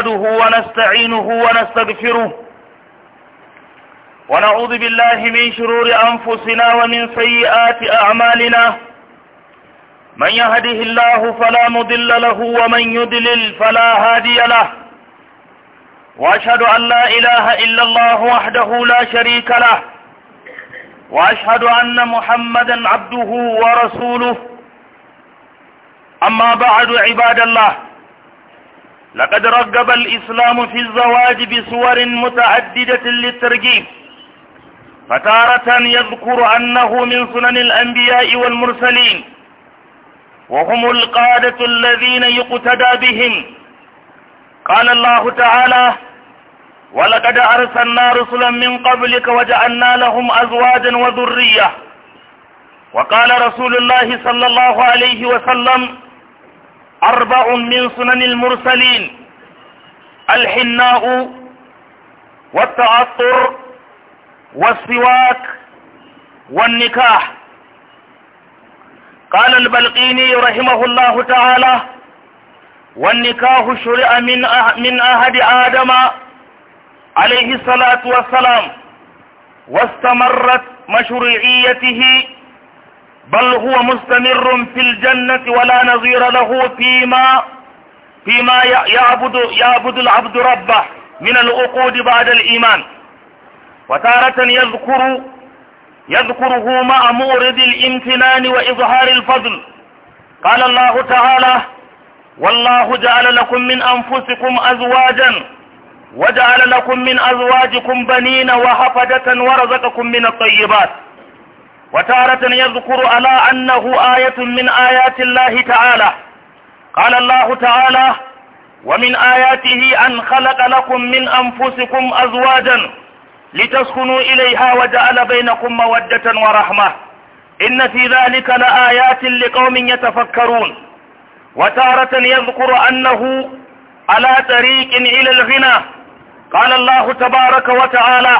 نحمده ونستعينه ونستغفره ونعوذ بالله من شرور أنفسنا ومن سيئات أعمالنا من يهده الله فلا مضل له ومن يدلل فلا هادي له وأشهد أن لا إله إلا الله وحده لا شريك له وأشهد أن محمدا عبده ورسوله أما بعد عباد الله لقد رغب الإسلام في الزواج بصور متعددة للترجيب فتارة يذكر أنه من سنن الأنبياء والمرسلين وهم القادة الذين يقتدى بهم قال الله تعالى ولقد أرسلنا رسلا من قبلك وجعلنا لهم أزواجا وذرية وقال رسول الله صلى الله عليه وسلم أربع من سنن المرسلين الحناء والتعطر والسواك والنكاح قال البلقيني رحمه الله تعالى والنكاح شرع من أه-، من أحد آدم عليه الصلاة والسلام واستمرت مشروعيته بل هو مستمر في الجنة ولا نظير له فيما فيما يعبد, يعبد العبد ربه من العقود بعد الإيمان وتارة يذكر يذكره مع مورد الامتنان وإظهار الفضل قال الله تعالى والله جعل لكم من أنفسكم أزواجا وجعل لكم من أزواجكم بنين وحفدة ورزقكم من الطيبات وتارة يذكر على أنه آية من آيات الله تعالى قال الله تعالى ومن آياته أن خلق لكم من أنفسكم أزواجا لتسكنوا إليها وجعل بينكم مودة ورحمة إن في ذلك لآيات لقوم يتفكرون وتارة يذكر أنه على طريق إلى الغنى قال الله تبارك وتعالى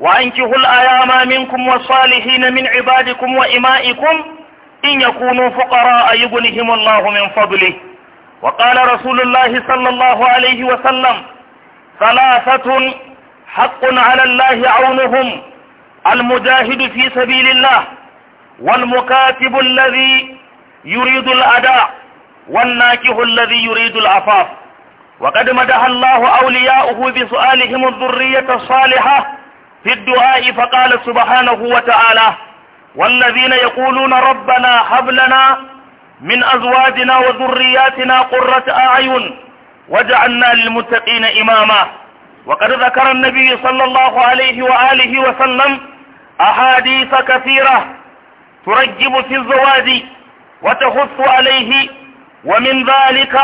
وأنكحوا الأيام منكم والصالحين من عبادكم وإمائكم إن يكونوا فقراء يغنهم الله من فضله وقال رسول الله صلى الله عليه وسلم ثلاثة حق على الله عونهم المجاهد في سبيل الله والمكاتب الذي يريد الأداء والناكح الذي يريد العفاف وقد مدح الله أولياؤه بسؤالهم الذرية الصالحة في الدعاء فقال سبحانه وتعالى والذين يقولون ربنا هب لنا من أزواجنا وذرياتنا قرة أعين وجعلنا للمتقين إماما وقد ذكر النبي صلى الله عليه وآله وسلم أحاديث كثيرة ترجب في الزواج وتخص عليه ومن ذلك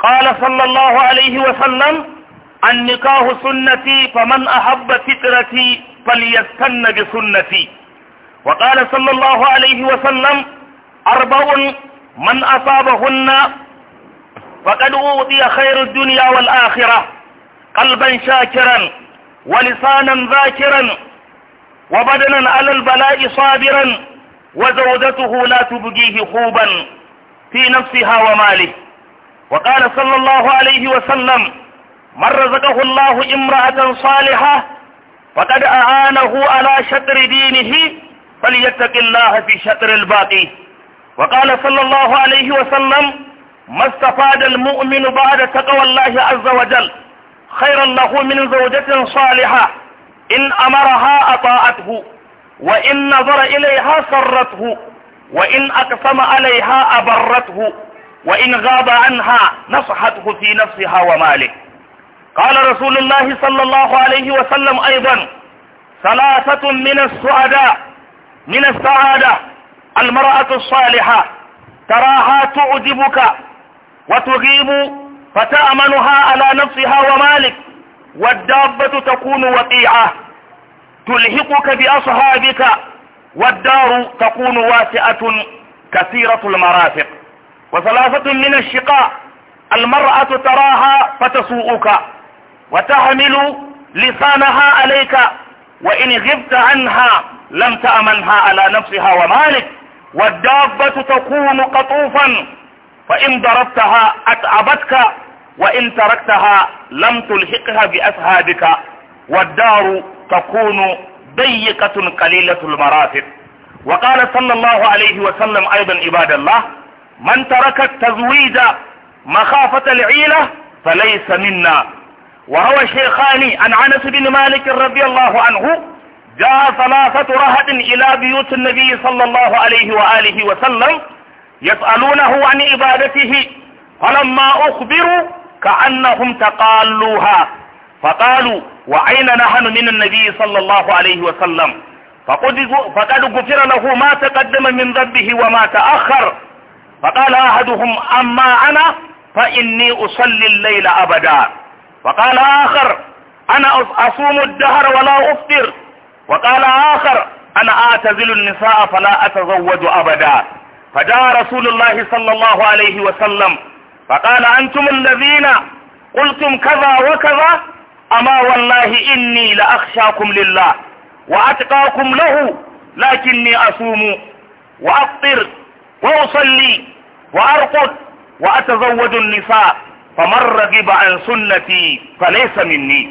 قال صلى الله عليه وسلم النكاح سنتي فمن أحب فكرتي فليستن بسنتي وقال صلى الله عليه وسلم أربع من أصابهن فقد أوتي خير الدنيا والآخرة قلبا شاكرا ولسانا ذاكرا وبدنا على البلاء صابرا وزوجته لا تبقيه خوبا في نفسها وماله وقال صلى الله عليه وسلم من رزقه الله امرأة صالحة فقد أعانه على شطر دينه فليتق الله في شطر الباقي وقال صلى الله عليه وسلم ما استفاد المؤمن بعد تقوى الله عز وجل خير له من زوجة صالحة إن أمرها أطاعته وإن نظر إليها سرته وإن أقسم عليها أبرته وإن غاب عنها نصحته في نفسها وماله قال رسول الله صلى الله عليه وسلم أيضا ثلاثة من السعداء من السعادة المرأة الصالحة تراها تعجبك وتغيب فتأمنها على نفسها ومالك والدابة تكون وقيعة تلهقك بأصحابك والدار تكون واسعة كثيرة المرافق وثلاثة من الشقاء المرأة تراها فتسوءك وتحمل لسانها عليك وإن غبت عنها لم تأمنها على نفسها ومالك والدابة تكون قطوفا فإن ضربتها أتعبتك وإن تركتها لم تلحقها بأسهابك والدار تكون ضيقة قليلة المرافق وقال صلى الله عليه وسلم أيضا عباد الله من ترك التزويج مخافة العيلة فليس منا وهو شيخان عن عنس بن مالك رضي الله عنه جاء ثلاثة رهد إلى بيوت النبي صلى الله عليه وآله وسلم يسألونه عن عبادته فلما أخبروا كأنهم تقالوها فقالوا وأين نحن من النبي صلى الله عليه وسلم فقد غفر له ما تقدم من ذنبه وما تأخر فقال أحدهم أما أنا فإني أصلي الليل أبدا وقال آخر أنا أصوم الدهر ولا أفطر وقال آخر أنا أعتزل النساء فلا أتزوج أبدا فجاء رسول الله صلى الله عليه وسلم فقال أنتم الذين قلتم كذا وكذا أما والله إني لأخشاكم لله وأتقاكم له لكني أصوم وأفطر وأصلي وأرقد وأتزوج النساء فمن رغب عن سنتي فليس مني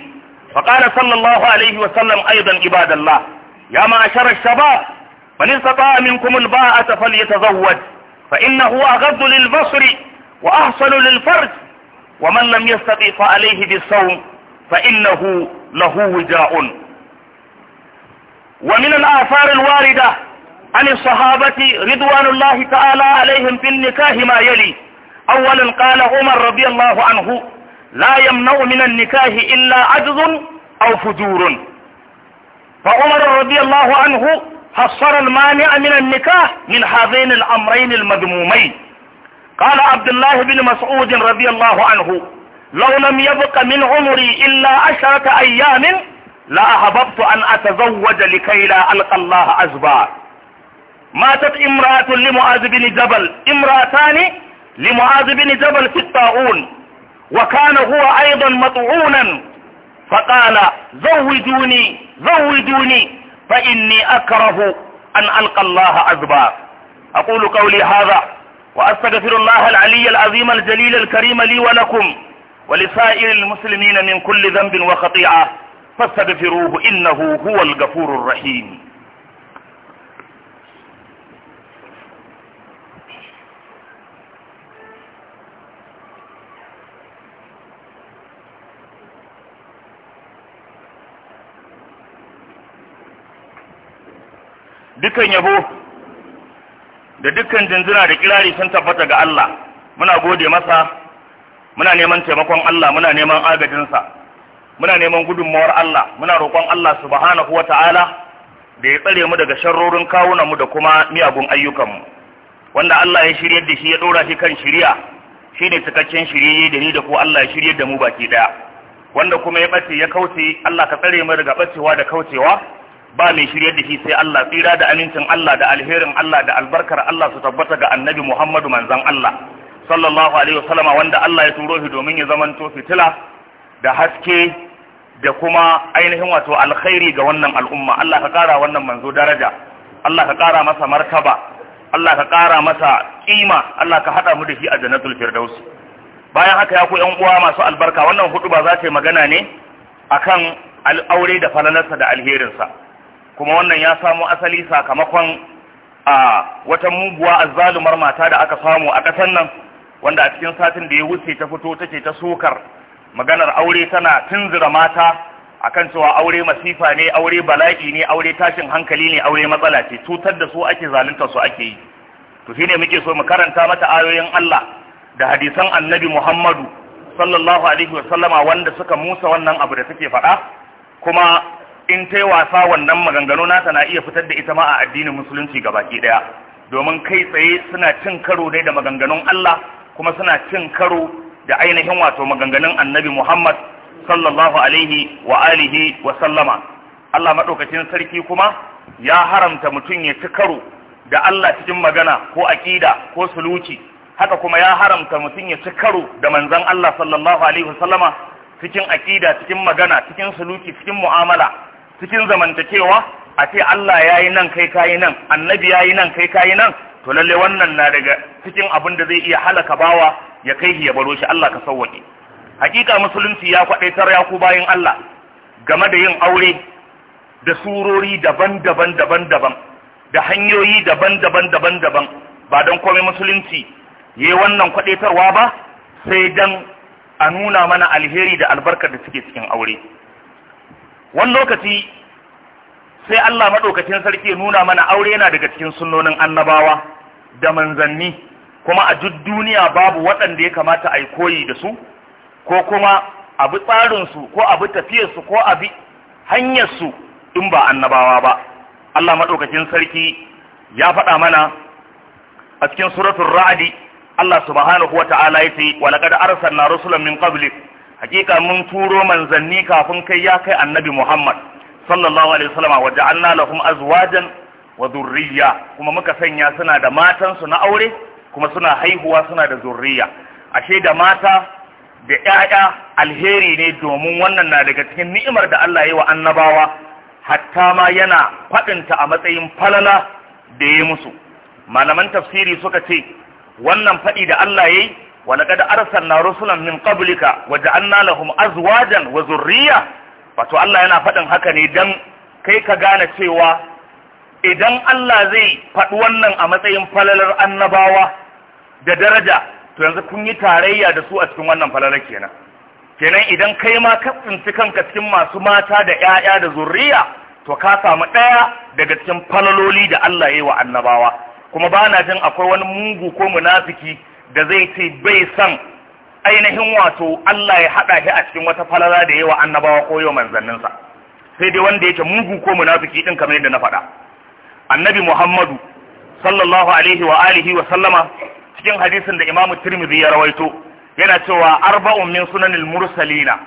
فقال صلى الله عليه وسلم أيضا عباد الله يا معشر الشباب من استطاع منكم الباءة فليتزوج فإنه أغض للبصر وأحصل للفرج ومن لم يستطع فعليه بالصوم فإنه له وجاء ومن الآثار الواردة عن الصحابة رضوان الله تعالى عليهم في النكاح ما يلي أولا قال عمر رضي الله عنه لا يمنع من النكاح إلا عجز أو فجور فعمر رضي الله عنه حصر المانع من النكاح من هذين الأمرين المذمومين قال عبد الله بن مسعود رضي الله عنه لو لم يبق من عمري إلا عشرة أيام لأحببت أن أتزوج لكي لا ألقى الله عزبا ماتت امرأة لمعاذ بن جبل امرأتان لمعاذ بن جبل في الطاعون وكان هو ايضا مطعونا فقال زودوني زودوني فاني اكره ان القى الله عذبا اقول قولي هذا واستغفر الله العلي العظيم الجليل الكريم لي ولكم ولسائر المسلمين من كل ذنب وخطيئة فاستغفروه انه هو الغفور الرحيم dukan yabo da dukan jinjina da kirari sun tabbata ga Allah muna gode masa muna neman taimakon Allah muna neman agajinsa muna neman gudunmawar Allah muna roƙon Allah subhanahu wa ta'ala da ya tsare mu daga sharrorin kawunanmu da kuma miyagun ayyukanmu wanda Allah ya shiryar da shi ya ɗora shi kan shirya shi ne cikakken shirye da ni da ku Allah ya shiryar da mu baki ɗaya wanda kuma ya ɓace ya kauce Allah ka tsare mu daga ɓacewa da kaucewa ba mai shiryar da shi sai Allah tsira da amincin Allah da alherin Allah da albarkar Allah su tabbata ga annabi Muhammadu manzan Allah sallallahu alaihi wasallama wanda Allah ya turo shi domin ya zamanto fitila da haske da kuma ainihin wato alkhairi ga wannan al'umma Allah ka kara wannan manzo daraja Allah ka kara masa martaba Allah ka kara masa kima Allah ka hada mu da shi a jannatul firdaus bayan haka ya ku yan uwa masu albarka wannan hudu ba za ta yi magana ne akan al'aure da falalarsa da alherinsa kuma wannan ya samo asali sakamakon a wata muguwa azzalumar mata da aka samu a ƙasar nan wanda a cikin satin da ya wuce ta fito take ta sokar maganar aure tana tunzura mata akan cewa aure masifa ne aure bala'i ne aure tashin hankali ne aure matsala ce cutar da su ake zalunta su ake yi to shine muke so mu karanta mata ayoyin Allah da hadisan Annabi Muhammadu sallallahu alaihi wa sallama wanda suka musa wannan abu da take faɗa kuma in ta yi wasa wannan maganganu nata na iya fitar da ita ma a addinin musulunci ga baki ɗaya. domin kai tsaye suna cin karo ne da maganganun Allah kuma suna cin karo da ainihin wato maganganun annabi Muhammad sallallahu alaihi wa alihi wa sallama Allah madaukakin sarki kuma ya haramta mutum ya ci karo da Allah cikin magana ko akida ko suluki haka kuma ya haramta mutum ya ci karo da manzon Allah sallallahu alaihi wa sallama cikin akida cikin magana cikin suluki cikin mu'amala cikin zamantakewa a ce Allah ya yi nan kai kayi nan annabi ya yi nan kai kayi nan to lalle wannan na daga cikin abin da zai iya halaka bawa ya kai shi ya baro shi Allah ka sauwaƙe hakika musulunci ya kwadaitar ya ku bayan Allah game da yin aure da surori daban-daban daban-daban da hanyoyi daban-daban daban-daban ba don komai musulunci yayi wannan kwadaitarwa ba sai dan a nuna mana alheri da albarkar da suke cikin aure wani lokaci sai Allah maɗaukacin sarki ya nuna mana aure yana daga cikin sunnonin annabawa da manzanni kuma a duk duniya babu waɗanda ya kamata a yi koyi da su ko kuma abu tsarinsu ko abu tafiyarsu ko abu hanyarsu in ba annabawa ba Allah maɗaukacin sarki ya faɗa mana a cikin suratun ra'adi Allah subhanahu wa ta'ala ya ce wa laqad arsalna rusulan min qablik hakika mun turo manzanni kafin kai ya kai annabi Muhammad sallallahu alaihi wasallam wa ja'alna lahum azwajan wa dhurriyya kuma muka sanya suna da matan su na aure kuma suna haihuwa suna da zurriya ashe da mata da ƴaƴa alheri ne domin wannan na daga cikin ni'imar da Allah ya yi wa annabawa hatta ma yana faɗinta a matsayin falala da ya musu malaman tafsiri suka ce wannan faɗi da Allah ya yi ولقد أرسلنا رسلا من قبلك وجعلنا لهم أزواجا وذرية wato Allah yana faɗin haka ne don kai ka gane cewa idan Allah zai faɗi wannan a matsayin falalar annabawa da daraja to yanzu kun yi tarayya da su a cikin wannan falalar kenan kenan idan kai ma ka tsinci kanka cikin masu mata da 'ya'ya da zurriya to ka samu ɗaya daga cikin falaloli da Allah ya yi wa annabawa kuma ba na jin akwai wani mugu ko munafiki da zai ce bai san ainihin wato Allah ya haɗa shi a cikin wata falala da yawa annabawa ko yau manzanninsa sai dai wanda yake mugu ko munafiki ɗin kamar yadda na faɗa annabi Muhammadu sallallahu alaihi wa alihi wa sallama cikin hadisin da Imam Tirmidhi ya rawaito yana cewa arba'un min sunanil mursalina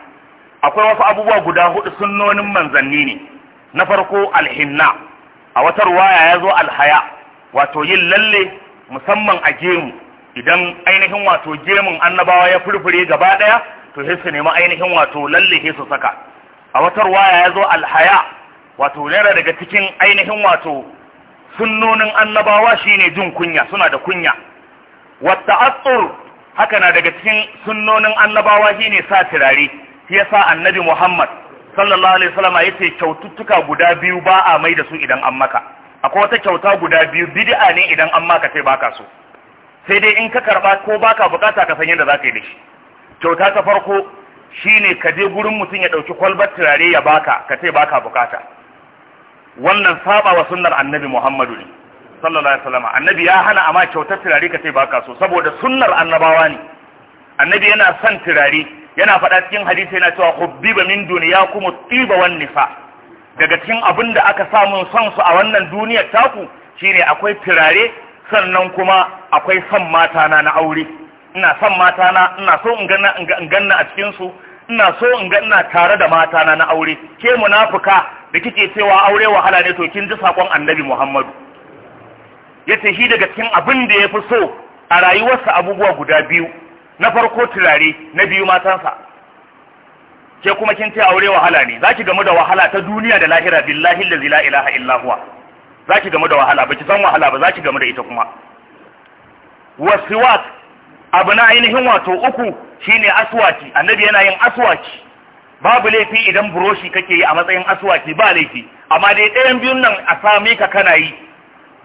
akwai wasu abubuwa guda hudu sunnonin manzanni ne na farko alhinna a wata ruwaya ya zo alhaya wato yin lalle musamman a gemu idan ainihin wato gemun annabawa ya furfure gaba daya to sai su nemi ainihin wato lalle su saka a wata ruwaya ya zo alhaya wato yana daga cikin ainihin wato sunnonin annabawa shine jin kunya suna da kunya wata asur haka na daga cikin sunnonin annabawa shine sa turare shi yasa annabi muhammad sallallahu alaihi wasallam yace kyaututtuka guda biyu ba a mai da su idan an maka akwai wata kyauta guda biyu bid'a ne idan an maka sai baka so sai dai in ka karba ko baka bukata ka san yadda za ka yi da shi kyauta ta farko shine ka je gurin mutum ya ɗauki kwalbar turare ya baka ka ce baka bukata wannan saba wa sunnar annabi muhammadu ne sallallahu alaihi wasallam annabi ya hana amma kyautar turare ka ce baka so saboda sunnar annabawa ne annabi yana son turare yana faɗa cikin hadisi yana cewa hubbiba min duniyakum kuma tiba wan nisa daga cikin abin da aka samu son su a wannan duniyar taku shine akwai turare sannan kuma akwai son matana na aure ina son matana ina so in ganna in ganna a cikin su ina so in ganna tare da matana na aure ke munafuka da kike cewa aure wahala ne to kin ji sakon annabi Muhammadu yace shi daga cikin abin da yafi so a rayuwarsa abubuwa guda biyu na farko turare na biyu matansa ke kuma kin ce aure wahala ne zaki gamu da wahala ta duniya da lahira billahi la ilaha illa huwa za ki gamu da wahala ba ki san wahala ba za ki gamu da ita kuma wasiwak abu na ainihin wato uku shine aswaki annabi yana yin aswaki babu laifi idan buroshi kake yi a matsayin aswaki ba laifi amma dai ɗayan biyun nan a sami ka kana yi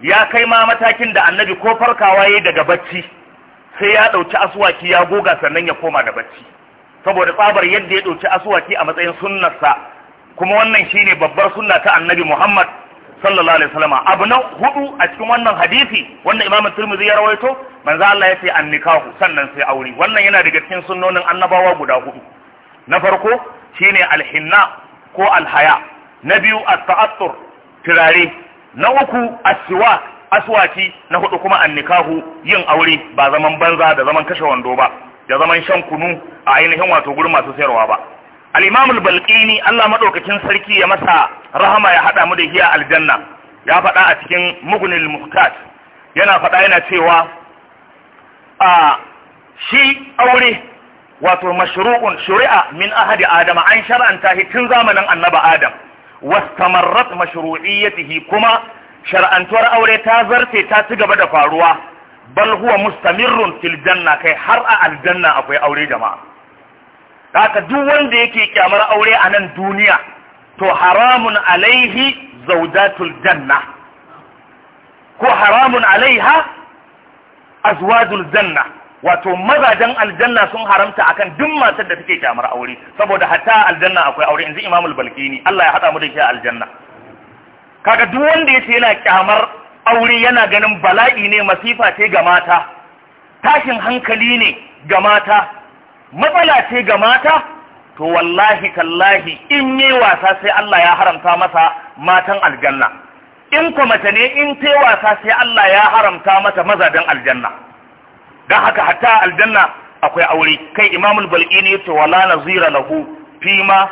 ya kai ma matakin da annabi ko farkawa yayi daga bacci sai ya ɗauki aswaki ya goga sannan ya koma da bacci saboda tsabar yadda ya ɗauki aswaki a matsayin sunnarsa kuma wannan shine babbar sunna ta annabi Muhammad sallallahu alaihi wasallam abu na hudu a cikin wannan hadisi wannan imamu turmizi ya rawaito manzo Allah ya ce an nikahu sannan sai aure wannan yana daga cikin sunnonin annabawa guda hudu na farko shine alhinna ko alhaya na biyu at-ta'attur tirare na uku aswa na hudu kuma an nikahu yin aure ba zaman banza da zaman kashe wando ba da zaman shan kunu a ainihin wato gurin masu sayarwa ba al-imam Allah maɗaukacin sarki ya masa rahama ya haɗa mu da hiya aljanna ya faɗa a cikin mugunin muhtaj yana faɗa yana cewa a shi aure wato mashru'un shuri'a min ahadi adama an shar'anta shi tun zamanin annaba adam wastamarrat mashru'iyyatihi kuma shar'antuwar aure ta zarce ta ci gaba da faruwa bal huwa mustamirrun fil janna kai har a aljanna akwai aure jama'a Kaka duk wanda yake kyamar aure a nan duniya to haramun alaihi zaujatul janna ko haramun alaiha azwajul janna wato mazajen aljanna sun haramta akan duk matar da take kyamar aure saboda hatta aljanna akwai aure inji imamul balkini Allah ya hada mu da a aljanna kaga duk wanda yace yana kyamar aure yana ganin bala'i ne masifa ce ga mata tashin hankali ne ga mata matsala ce ga mata to wallahi tallahi in yi wasa sai Allah ya haramta masa matan aljanna in kuma mace ne in ta wasa sai Allah ya haramta mata mazajen aljanna don haka hatta aljanna akwai aure kai imamul bal'ini ya ce wala nazira lahu fima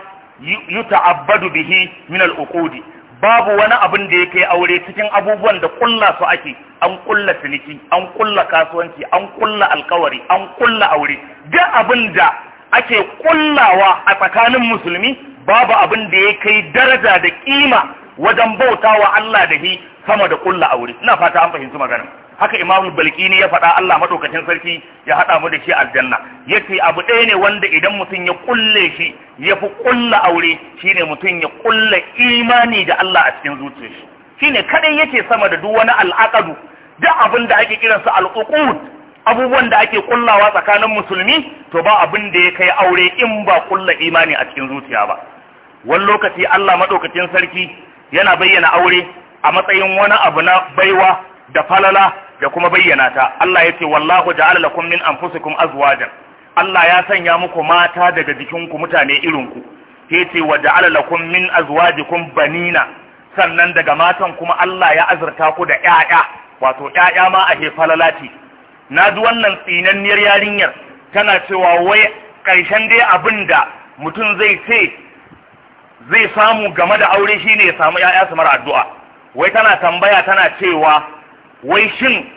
yuta'abbadu bihi min al-uqudi babu wani abin da ya kai aure cikin abubuwan da kulla su ake an kulla ciniki an kulla kasuwanci an kulla alkawari an kulla aure duk abin da ake kullawa a tsakanin musulmi babu abin da ya kai daraja da kima wajen bautawa Allah da shi sama da kulla aure ina fata an fahimci maganar haka imamu balkini ya faɗa Allah madaukakin sarki ya haɗa mu da shi aljanna yace abu ɗaya ne wanda idan mutum ya kulle shi ya fi kulla aure shine mutum ya kulla imani da Allah a cikin zuciyar shi shine kaɗai yake sama da duk wani al'aqadu duk abin da ake kiran su al'uqud abubuwan da ake kullawa tsakanin musulmi to ba abin da ya kai aure in ba kulla imani a cikin zuciya ba wani lokaci Allah madaukakin sarki yana bayyana aure a matsayin wani abu na baiwa da falala da kuma bayyana ta Allah ya ce wallahu ja'ala lakum min anfusikum azwajan Allah ya sanya muku mata daga jikinku mutane irinku ku ce wa ja'ala lakum min azwajikum banina sannan daga matan kuma Allah ya azurta ku da ƴaƴa wato ƴaƴa ma a falalati na ji wannan tsinanniyar yarinyar tana cewa wai ƙarshen dai abin da mutum zai ce zai samu game da aure shine ya samu ƴaƴa su mara addu'a wai tana tambaya tana cewa wai shin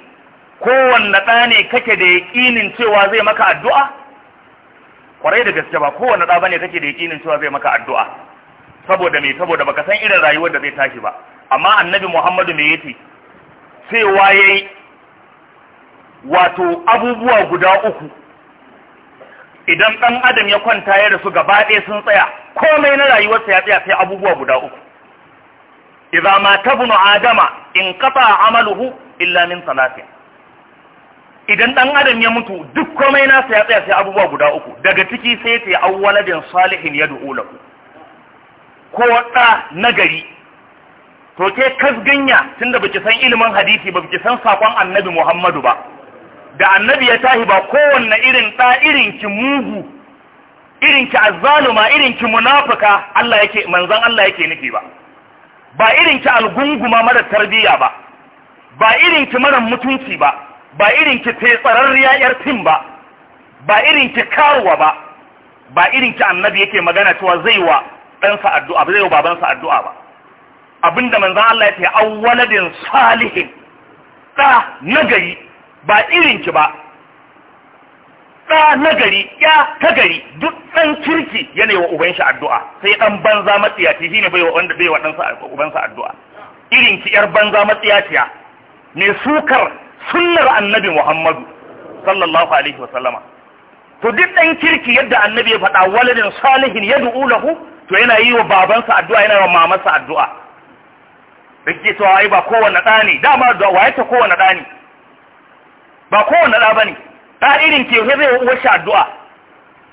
kowanne ɗa ne kake da yaƙinin cewa zai maka addu'a Ƙwarai da gaske ba kowanne ɗa ba ne kake da yaƙinin cewa zai maka addu'a saboda me saboda baka san irin rayuwar da zai tashi ba amma annabi Muhammadu mai yace cewa yi wato abubuwa guda uku idan ɗan adam ya kwanta ya rasu gaba ɗaya sun tsaya komai na rayuwarsa ya tsaya sai abubuwa guda uku Iza ma tabnu adama in qata amaluhu illa min salatin idan dan adam ya mutu duk komai nasa ya tsaya sai abubuwa guda uku daga ciki sai ta yi awwaladin salihin ya lahu ko da nagari to ke kasganya tunda baki san ilimin hadisi ba baki san sakon annabi Muhammadu ba da annabi ya tahi ba kowanne irin da irin ki mugu irin ki azzaluma irin ki munafika Allah yake manzon Allah yake nufi ba ba irin ki algunguma mara tarbiyya ba ba irin ki maran mutunci ba ba irin ki tsararriya yar fim ba ba irin ki karuwa ba ba irin ki annabi yake magana cewa zai wa ɗansa addu'a ba zai wa babansa addu'a ba abinda manzon Allah ya ce awwaladin salihin da nagari ba irin ki ba ta nagari ya ta gari duk ɗan kirki yana yi wa uban shi addu'a sai dan banza matsiya shi ne bai wa wanda bai wa ɗansa sa addu'a irin ki 'yar banza matsiya matsiyaciya mai sukar sunnar annabi Muhammadu sallallahu alaihi wasallama to duk ɗan kirki yadda annabi ya faɗa waladin salihin ya du'u lahu to yana yi wa babansa addu'a yana wa mamansa addu'a rike to ai ba kowanne ɗa ne dama da wa ta kowanne ɗa ne ba kowanne ɗa bane ɗa irin ke zai wa addu'a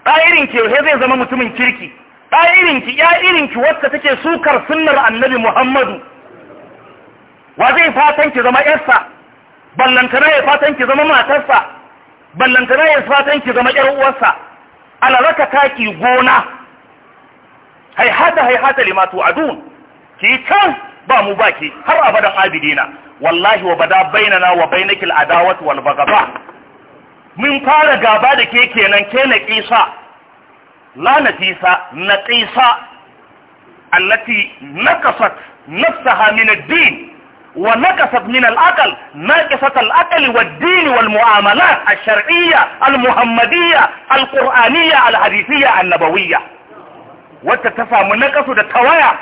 ɗa irin ke zai zama mutumin kirki ɗa irin ki ya irin ki wacce take sukar sunnar annabi Muhammadu wa zai fatan ki zama yarsa ballantana ya fatan ki zama matarsa ballantana ya fatan ki zama yar uwarsa ala raka taki gona haihata haihata lima adun. ki can ba mu baki har abadan abidina wallahi wa bada bainana wa bainakil adawatu wal bagaba mun fara gaba da ke kenan ke na ƙisa la na kisa, na kisa. allati nakasat nafsaha min ad-din ونقصت من الأقل ناقصة الأقل والدين والمعاملات الشرعية المحمدية القرآنية الحديثية النبوية وتتفهم نقص دا توايا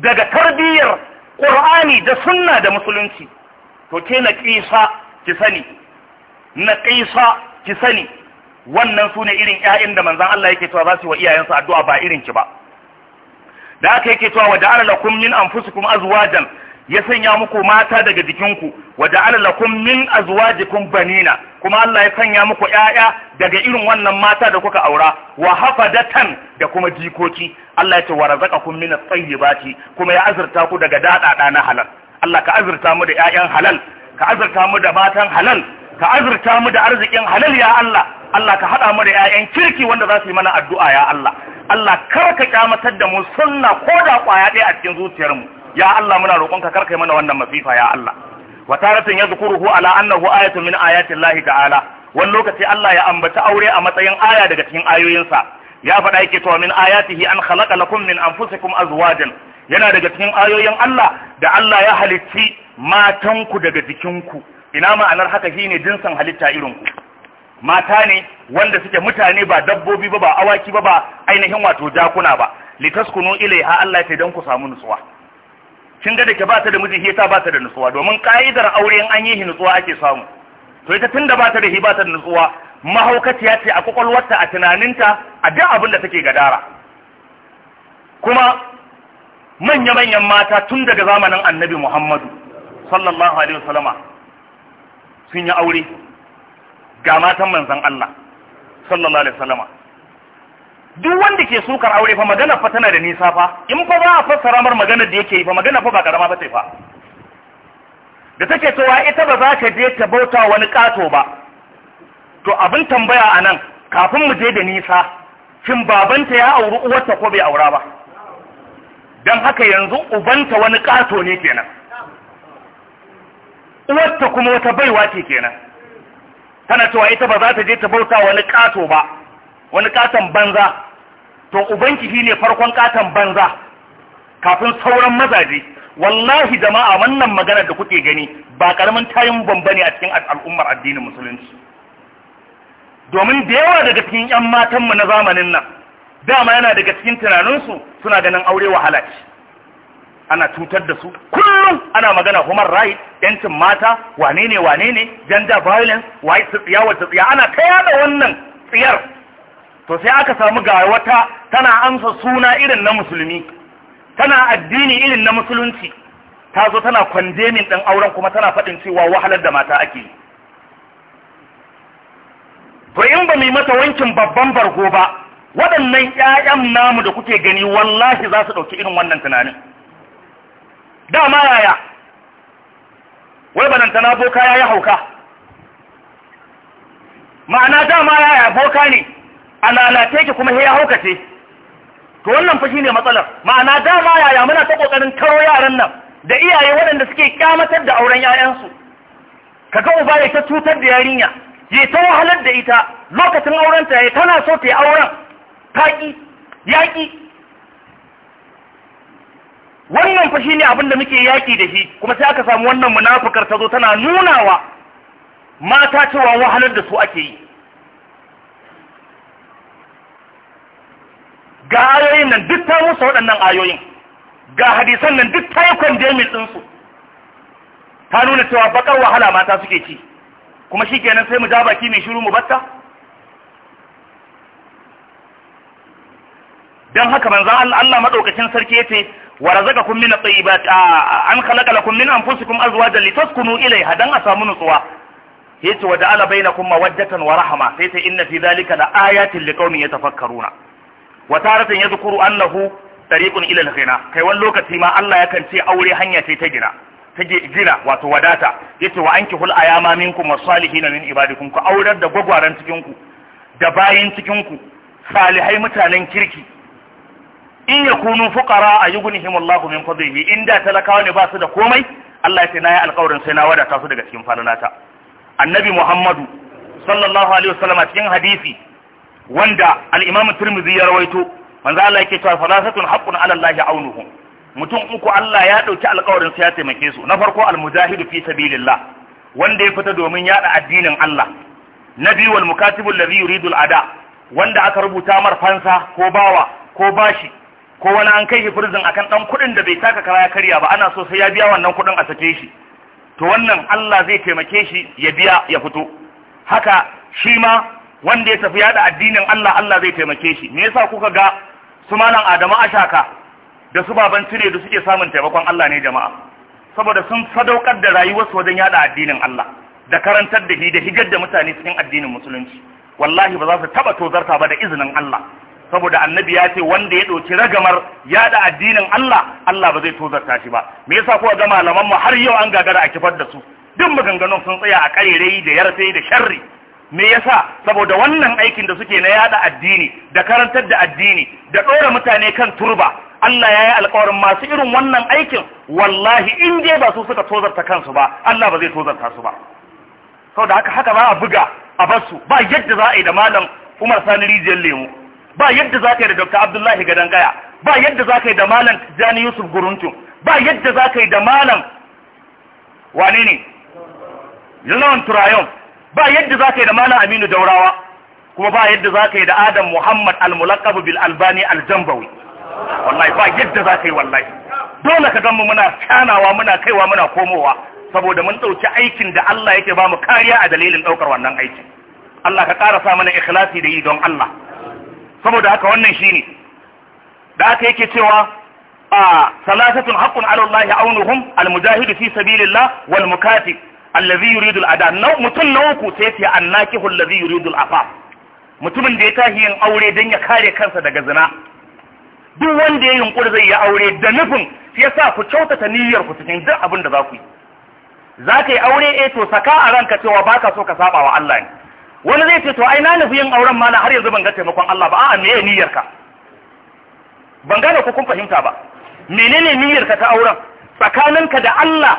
دا تربير قرآني دا سنة دا مسلنسي توتي نقيصة كسني نقيصة كسني وننسون إلين ne irin دا da manzan Allah yake cewa za su wa iyayensu addu'a ba irinki ba da aka yake cewa wa da'ar lakum min anfusikum azwajan ya sanya muku mata daga jikinku wada ja'ala lakum min azwajikum banina kuma Allah ya sanya muku 'ya'ya daga irin wannan mata da kuka aura wa hafadatan da kuma jikoki Allah ya ce wa razaqakum min at-tayyibati kuma ya azurta ku daga daɗaɗa na halal Allah ka azurta mu da 'ya'yan halal ka azurta mu da matan halal ka azurta mu da arzikin halal ya Allah Allah ka hada mu da 'ya'yan kirki wanda za su yi mana addu'a ya Allah Allah kar ka kyamatar da mu sunna ko kwaya ɗaya a cikin zuciyarmu ya Allah muna roƙonka kar kai mana wannan masifa ya Allah wa taratin yadhkuruhu ala annahu ayatu min ayati Allah ta'ala wani lokaci Allah ya ambaci aure a matsayin aya daga cikin ayoyinsa ya faɗa yake to min ayatihi an khalaqa lakum min anfusikum azwajan yana daga cikin ayoyin Allah da Allah ya halitti matanku daga jikinku ina ma'anar haka shine jinsin halitta irin ku mata ne wanda suke mutane ba dabbobi ba ba awaki ba ba ainihin wato jakuna ba litaskunu ilaiha Allah ya ce dan ku samu nutsuwa kin ga da ke ba da miji hi ta ba da nutsuwa domin ka'idar aure in an yi hi nutsuwa ake samu to ita tunda ba ta da hi ba da nutsuwa mahaukaciya ce a kwakwalwarta a tunaninta a duk abin da take gadara kuma manya-manyan mata tun daga zamanin annabi muhammadu sallallahu alaihi wasallama sun yi aure ga matan manzan Allah sallallahu alaihi wasallama duk wanda ke sukar aure fa magana fa tana da nisa fa in fa za a fassara mar magana da yake yi fa magana fa ba karama ba ce fa da take cewa ita ba za ka je ta bauta wani kato ba to abin tambaya a nan kafin mu je da nisa shin babanta ya auri uwarta ko bai aura ba don haka yanzu ubanta wani kato ne kenan uwarta kuma wata baiwa ce kenan tana cewa ita ba za ta je ta bauta wani kato ba wani katon banza to ubanki ne farkon katon banza kafin sauran mazaje wallahi jama'a wannan magana da kuke gani ba karamin tayin bamba a cikin al'ummar addinin musulunci domin da yawa daga cikin 'yan matanmu na zamanin nan dama yana daga cikin tunaninsu suna ganin aure wahala ce ana cutar da su kullum ana magana human right yancin mata wane ne wane ne gender violence wai tsiya wata tsiya ana ta yada wannan tsiyar to sai aka samu ga wata tana amsa suna irin na musulmi tana addini irin na musulunci ta zo tana kwandemin ɗan auren kuma tana faɗin cewa wahalar da mata ake yi to in ba mai mata wankin babban bargo ba waɗannan ƴaƴan namu da kuke gani wallahi za su ɗauki irin wannan tunanin dama yaya wai na boka ya yi hauka ma'ana dama yaya boka ne a lalace ki kuma ya haukace to wannan fa ne matsalar ma'ana dama yaya muna ta kokarin karo yaran nan da iyaye waɗanda suke kyamatar da auren 'ya'yansu kaga uba ya ta cutar da yarinya ya ta wahalar da ita lokacin aurenta ya tana so ta yi auren taƙi yaƙi wannan fa shine abin da muke yaƙi da shi kuma sai aka samu wannan munafukar ta zo tana nunawa mata cewa wahalar da su ake yi ga ayoyin nan duk ta musa waɗannan ayoyin ga hadisan nan duk ta yi kwandemin ɗinsu ta nuna cewa bakar wahala mata suke ci kuma shi kenan sai mu ja baki mai shiru mu batta don haka manzan Allah maɗaukacin sarki ya ce wa razaka kun min tsayibat an khalaqa lakum min anfusikum azwajan litaskunu ilayha dan a samu nutsuwa yace wa ja'ala bainakum mawaddatan wa rahma sai ta inna fi dhalika la ayatin liqaumin yatafakkaruna wa taratan yadhkuru annahu tariqun ila al-ghina kai wani lokaci ma Allah yakan ce aure hanya ce ta gina ta gina wato wadata yace wa ankihul ayama minkum wasalihin min ibadikum ku aurar da gwagwaran cikin ku da bayin cikin ku salihai mutanen kirki in yakunu fuqara ayughnihim Allahu min fadlihi inda talakawa ne ba su da komai Allah ya ce na yi alƙawarin sai na wadata su daga cikin falalata annabi Muhammadu sallallahu alaihi wasallam cikin hadisi wanda al-Imam Tirmidhi ya rawaito manzo Allah yake cewa falasatun haqqun ala Allah aunuhum mutum uku Allah ya ɗauki alƙawarin sa ya taimake su na farko al-mujahidu fi sabilillah wanda ya fita domin yada addinin Allah na biyu wal mukatibu alladhi yuridu al-ada wanda aka rubuta mar fansa ko bawa ko bashi ko wani an kai shi firzin akan dan kuɗin da bai taka kara ya karya ba ana so sai ya biya wannan kuɗin a sake shi to wannan Allah zai taimake shi ya biya ya fito haka shi ma wanda ya tafi yada addinin Allah Allah zai taimake shi me yasa kuka ga su malam Adamu Ashaka da su baban Tire da suke samun taimakon Allah ne jama'a saboda sun sadaukar da rayuwarsu wajen yada addinin Allah da karantar da shi da higar da mutane cikin addinin musulunci wallahi ba za su taba tozarta ba da izinin Allah saboda annabi ya ce wanda ya ɗauki ragamar yada addinin Allah Allah ba zai tozarta shi ba me yasa kuka ga malaman mu har yau an gagara a kifar da su duk maganganun sun tsaya a karerai da yarfe da sharri me yasa saboda wannan aikin da suke na yada addini da karantar da addini da ɗora mutane kan turba Allah ya yi alkawarin masu irin wannan aikin wallahi in je ba su suka tozarta kansu ba Allah ba zai tozarta su ba sau da haka haka ba a buga a basu ba yadda za a yi da malam umar sani rijiyar lemu ba yadda za ka yi da dr abdullahi gadangaya ba yadda za ka yi da malam jani yusuf Guruntu ba yadda za ka yi da malam wane ne yalawan turayon ba yadda za ka yi da mana aminu daurawa kuma ba yadda za ka yi da adam muhammad al-mulaqabu bil albani al wallahi ba yadda za ka yi wallahi dole ka gan mu muna canawa muna kaiwa muna komowa saboda mun ɗauki aikin da Allah yake ba mu kariya a dalilin ɗaukar wannan aikin Allah ka karasa sa mana ikhlasi da yi don Allah saboda haka wannan shine da aka yake cewa a salatatun haqqun ala Allah aunuhum al mujahidu fi sabilillah wal mukatib allazi yuridu al'ada mutum na ku sai sai annakihu allazi yuridu al'afaf mutumin da ya tahi yin aure don ya kare kansa daga zina duk wanda ya yunkuri zai yi aure da nufin ya sa ku kyautata niyyar ku cikin duk abin da za ku yi za ka yi aure eh to saka a ranka cewa baka so ka saba wa Allah ne wani zai ce to ai na nufi yin auren ma na har yanzu ban ga taimakon Allah ba a'a meye niyyar ka ban gane ku kun fahimta ba menene niyyarka ka ta auren tsakaninka da Allah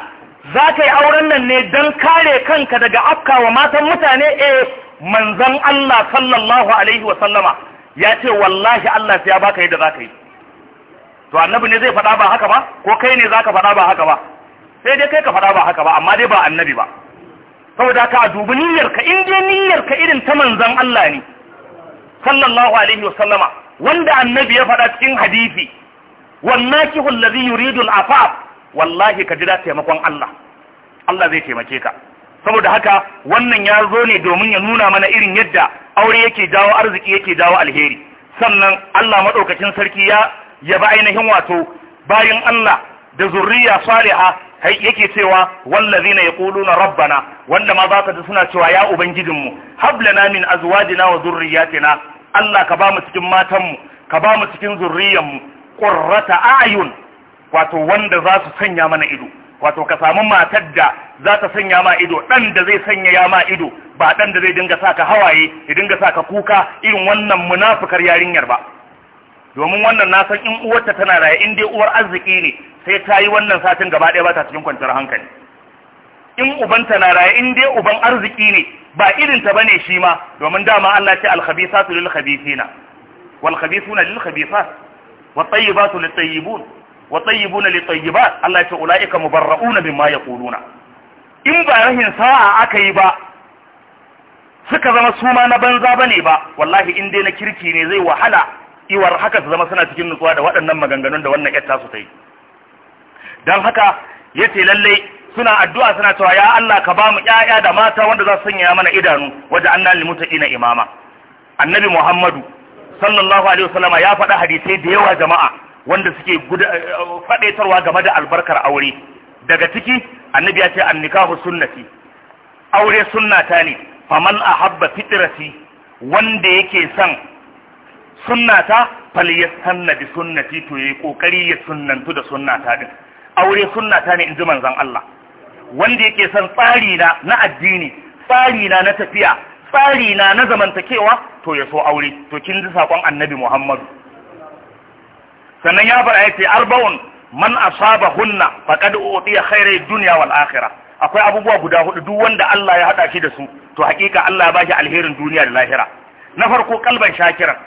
za ka yi auren nan ne don kare kanka daga afkawa matan mutane eh manzan Allah sallallahu alaihi wasallama ya ce wallahi Allah sai ya baka da za ka yi to annabi ne zai faɗa ba haka ba ko kai ne za ka faɗa ba haka ba sai dai kai ka faɗa ba haka ba amma dai ba annabi ba saboda ka a dubi niyyarka in dai niyyarka irin ta manzan Allah ne sallallahu alaihi wa sallama wanda annabi ya faɗa cikin hadisi wannan kihul ladhi yuridu al-afaf wallahi ka jira taimakon Allah Allah zai taimake ka saboda haka wannan ya zo ne domin ya nuna mana irin yadda aure yake dawo arziki yake dawo alheri sannan Allah madaukakin sarki ya ya ba ainihin wato bayan Allah da zurriya saliha yake cewa wallazina yaquluna rabbana wanda ma za ka ji suna cewa ya ubangijinmu hablana min azwajina wa zurriyatina Allah ka ba mu cikin matanmu ka ba mu cikin zurriyanmu ƙurrata ayun wato wanda za su sanya mana ido wato ka samu matar da za ta sanya ma ido ɗan da zai sanya ya ma ido ba ɗan da zai dinga saka hawaye ya dinga saka kuka irin wannan munafukar yarinyar ba domin wannan na san in uwarta tana raye in dai uwar arziki ne sai ta yi wannan satin gaba ɗaya ba ta cikin kwanciyar hankali in ubanta na raye in dai uban arziki ne ba irin ta bane shi ma domin dama Allah ce al-khabisatu lil khabithina wal khabithuna lil khabithat wat tayyibatu lit tayyibun wa tayyibuna li tayyibat Allah ya ce ulaika mubarrauna mimma yaquluna in ba rahin sa'a aka yi ba suka zama suma na banza bane ba wallahi in dai na kirki ne zai wahala iwar haka su zama suna cikin nutsuwa da waɗannan maganganun da wannan yatta su ta yi dan haka yace lalle suna addu'a suna cewa ya Allah ka bamu ƴaƴa da mata wanda za su sanya mana idanu waje annal na imama annabi Muhammadu sallallahu alaihi wasallama ya faɗa hadisai da yawa jama'a wanda suke faɗaitarwa game da albarkar aure daga ciki annabi ya ce annikahu sunnati aure sunnata ne faman ahabba fitrati wanda yake son sunnata yastanna bi sunnati to yayi kokari ya sunnantu da sunnata din aure sunnata ne inji manzon Allah wanda yake son tsari na na addini tsari na na tafiya tsari na na zamantakewa to ya so aure to kin ji sakon annabi Muhammadu sannan ya faɗa yace arba'un man asaba hunna faqad utiya khairai dunya wal akhirah akwai abubuwa guda hudu duk wanda Allah ya hada shi da su to hakika Allah ya bashi alherin duniya da lahira na farko kalban shakiran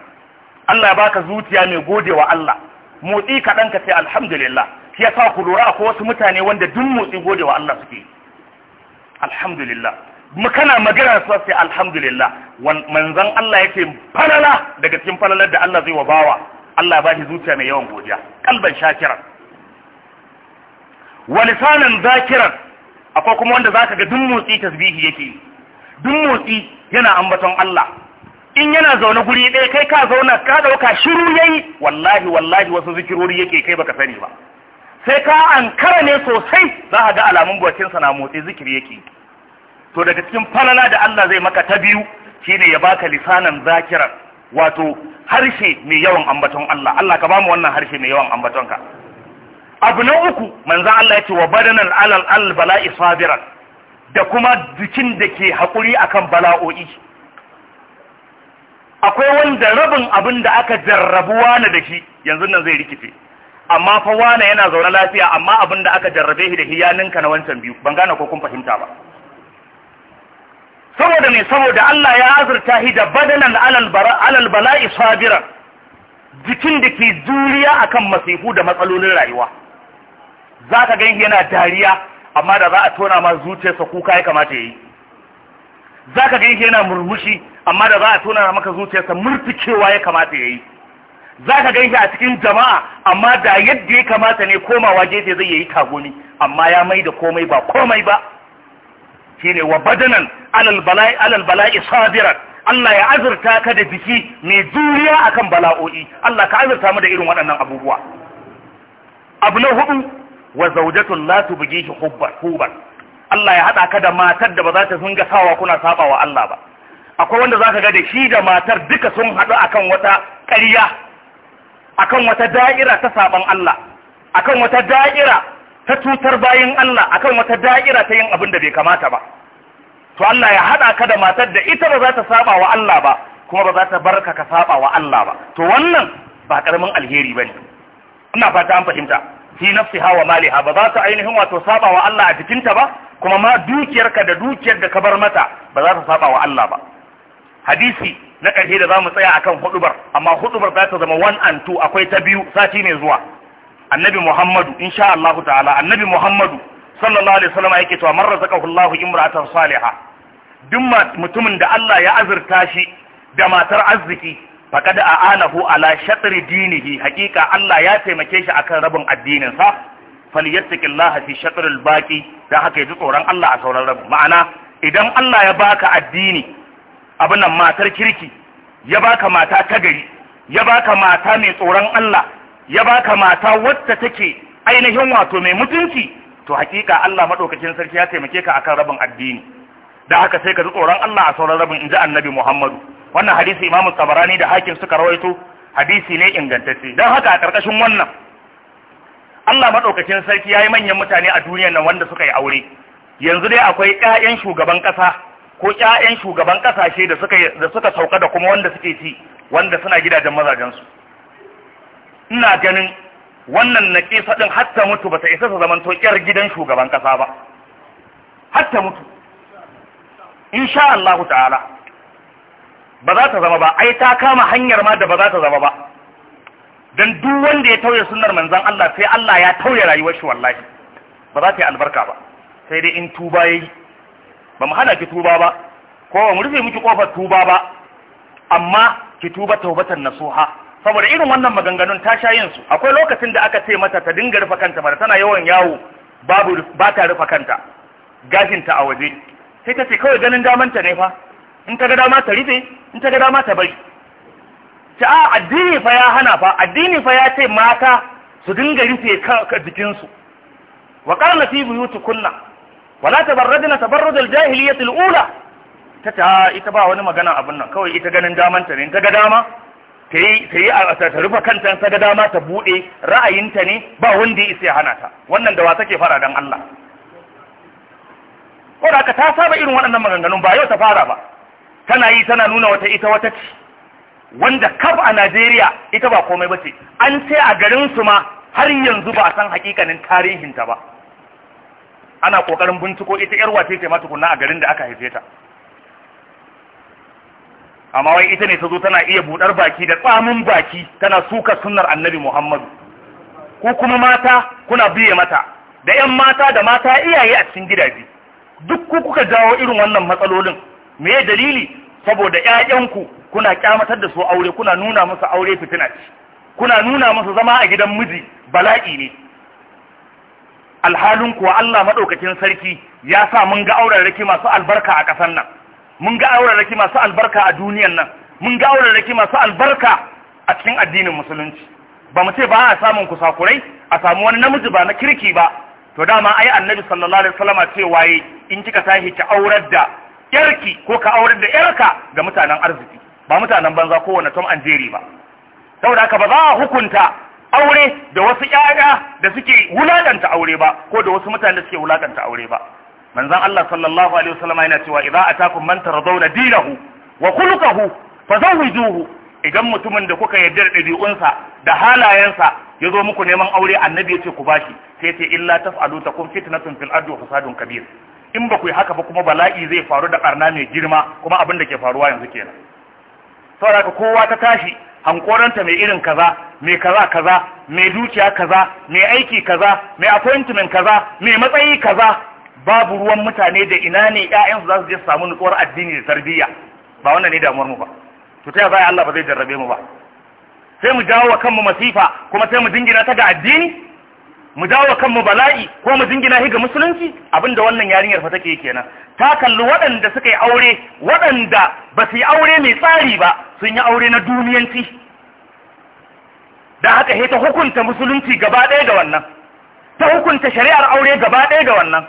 Allah ya baka zuciya mai godewa Allah motsi kaɗan ka sai alhamdulillah shi yasa ku lura akwai wasu mutane wanda duk motsi godewa Allah suke alhamdulillah kana magana su sai alhamdulillah manzon Allah yake falala daga cikin falalar da Allah zai wa bawa Allah ba shi zuciya mai yawan godiya kalban shakiran wa lisanan zakiran akwai kuma wanda zaka ga duk motsi tasbihi yake duk motsi yana ambaton Allah in yana zaune guri ɗaya kai ka zauna ka dauka shiru yayi wallahi wallahi wasu zikirori yake kai baka sani ba sai ka ankara ne sosai za ka ga alamun bakinsa na motsi zikiri yake to daga cikin falala da Allah zai maka ta biyu shine ya baka lisanan zakiran wato harshe mai yawan ambaton Allah Allah ka bamu wannan harshe mai yawan ambaton ka abu na uku manzon Allah ya ce wa badanan alal al-Bala'i sabiran da kuma jikin da ke hakuri akan bala'o'i akwai wanda rabin abin da aka jarrabu wana da shi yanzu nan zai rikice amma fa wane yana zaune lafiya amma abin da aka jarrabe shi da hiyaninka na wancan biyu ban gane ko kun fahimta ba saboda mai saboda Allah ya azurta shi da badanan alal bala'i sabiran jikin da ke juriya akan masifu da matsalolin rayuwa za ka gan yana dariya amma da za a tona ma zuciyarsa kuka ya kamata yi za ka gan yana murmushi amma da za a tona maka zuciyarsa murtikewa ya kamata ya yi za ka gan a cikin jama'a amma da yadda ya kamata ne komawa gefe zai yi tagoni amma ya mai da komai ba komai ba shine wa badanan alal bala'i alal Allah ya azurta ka da jiki mai juriya akan bala'o'i Allah ka azurta mu da irin waɗannan abubuwa abu na hudu wa zawjatun latu tubghihi hubban hubban Allah ya haɗa ka da matar da ba za ta hunga sawa kuna saba wa Allah ba akwai wanda zaka ga da shi da matar duka sun hadu akan wata ƙarya akan wata da'ira ta saban Allah akan wata da'ira ta tutar bayan Allah akan wata da'ira ta yin abin da bai kamata ba to Allah ya hada ka da matar da ita ba za ta saba wa Allah ba kuma ba za ta barka ka saba wa Allah ba to wannan ba karamin alheri bane ina fata an fahimta fi nafsiha wa maliha ba za ta ainihin wato saba wa Allah a ta ba kuma ma dukiyarka da dukiyar da ka bar mata ba za ta saba wa Allah ba hadisi na ƙarshe da za mu tsaya akan hudubar amma hudubar za ta zama one and two akwai ta biyu sati mai zuwa annabi muhammadu insha Allah ta'ala annabi muhammadu sallallahu alaihi wasallam yake cewa man razaqahu Allahu imra'atan salihah duk mutumin da Allah ya azurta shi da matar arziki faqad a'anahu ala shatri dinihi hakika Allah ya taimake shi akan rabin addinin sa falyattaqillaha fi shatril baqi da haka yaji tsoron Allah a sauran rabin ma'ana idan Allah ya baka addini abin nan matar kirki ya baka mata ta gari ya baka mata mai tsoron Allah ya baka mata wadda take ainihin wato mai mutunci to hakika Allah madaukakin sarki ya taimake ka akan rabin addini da haka sai ka ji tsoron Allah a sauran rabin inji annabi Muhammadu wannan hadisi Imam Tabarani da Hakim suka rawaito hadisi ne ingantacce dan haka a karkashin wannan Allah madaukakin sarki yayi manyan mutane a duniyar nan wanda suka yi aure yanzu dai akwai ƴaƴan shugaban kasa ko ƴaƴan shugaban kasashe da suka da suka sauka da kuma wanda suke ci wanda suna gidajen mazajensu ina ganin wannan na naƙisa ɗin hatta mutu ba ta isa su zamanto ƙyar gidan shugaban ƙasa ba hatta mutu insha Allah ta'ala ba za ta zama ba ai ta kama hanyar ma da ba za ta zama ba dan duk wanda ya tauye sunnar manzon Allah sai Allah ya tauye rayuwar shi wallahi ba za ta yi albarka ba sai dai in tuba yayi ba mu hana ki tuba ba ko ba mu rufe miki kofar tuba ba amma ki tuba taubatan nasuha saboda irin wannan maganganun ta sha yin su akwai lokacin da aka ce mata ta dinga rufa kanta mata tana yawan yawo babu ba ta rufa kanta gashinta a waje sai ta ce kawai ganin damanta ne fa in ta ga dama ta rufe in ta ga dama ta bari ta a addini fa ya hana fa addini fa ya ce mata su dinga rufe jikinsu wa qarna fi wa wala tabarrajna tabarrujal jahiliyyati al-ula ta ta ita ba wani magana abin nan kawai ita ganin damanta ne in ta ga dama ta yi ta rufe kanta ta ga dama ta buɗe ra'ayinta ne ba wanda ya isa ya hana wannan da wa take fara dan Allah ko da ka ta saba irin waɗannan maganganun ba yau ta fara ba tana yi tana nuna wata ita wata ce wanda kaf a Najeriya ita ba komai bace an ce a garin su ma har yanzu ba a san hakikanin tarihinta ba ana kokarin binciko ita yar wace ce ma tukunna a garin da aka haife ta amma wai ita ne ta zo tana iya buɗar baki da tsamin baki tana suka sunnar annabi muhammadu Ku kuma mata kuna biye mata da 'yan mata da mata iyaye a cikin gidaje duk ku kuka jawo irin wannan matsalolin me dalili saboda 'ya'yanku kuna kyamatar da su aure kuna nuna musu aure fitina ce kuna nuna musu zama a gidan miji bala'i ne alhalin kuwa Allah madaukakin sarki ya sa mun ga aurarraki masu albarka a ƙasar nan mun ga auraraki masu albarka a duniyan nan mun ga auraraki masu albarka a cikin addinin musulunci ba mu ce ba a samun kusakurai a samu wani namiji ba na kirki ba to dama ai annabi sallallahu alaihi wasallama ce waye in kika tahi ki aurar da yarki ko ka aurar da yarka ga mutanen arziki ba mutanen banza ko wani tom anjeri ba saboda haka ba za a hukunta aure da wasu 'ya'ya da suke wulakanta aure ba ko da wasu mutane da suke wulakanta aure ba manzon Allah sallallahu alaihi wasallam yana cewa idza atakum man taradawna dinahu wa khuluquhu fazawwijuhu idan mutumin da kuka yarda da sa da halayensa ya zo muku neman aure annabi ya ce ku bashi sai ce illa taf'alu takum fitnatun fil ardi wa fasadun kabir in ba ku yi haka ba kuma bala'i zai faru da ƙarna mai girma kuma abin da ke faruwa yanzu kenan saboda ka kowa ta tashi hankoranta mai irin kaza mai kaza kaza mai dukiya kaza mai aiki kaza mai appointment kaza mai matsayi kaza babu ruwan mutane da ina ne ƴaƴansu za su je samu nutsuwar addini da tarbiyya ba wannan ne damuwar mu ba to ta yaya Allah ba zai jarrabe mu ba sai mu jawo kanmu masifa kuma sai mu dingina ta ga addini mu jawo kanmu bala'i ko mu dingina shi ga musulunci abinda wannan yarinyar fa take kenan ta kalli waɗanda suka yi aure waɗanda ba su yi aure mai tsari ba sun yi aure na duniyanci da haka he ta hukunta musulunci gaba ɗaya da wannan ta hukunta shari'ar aure gaba ɗaya da wannan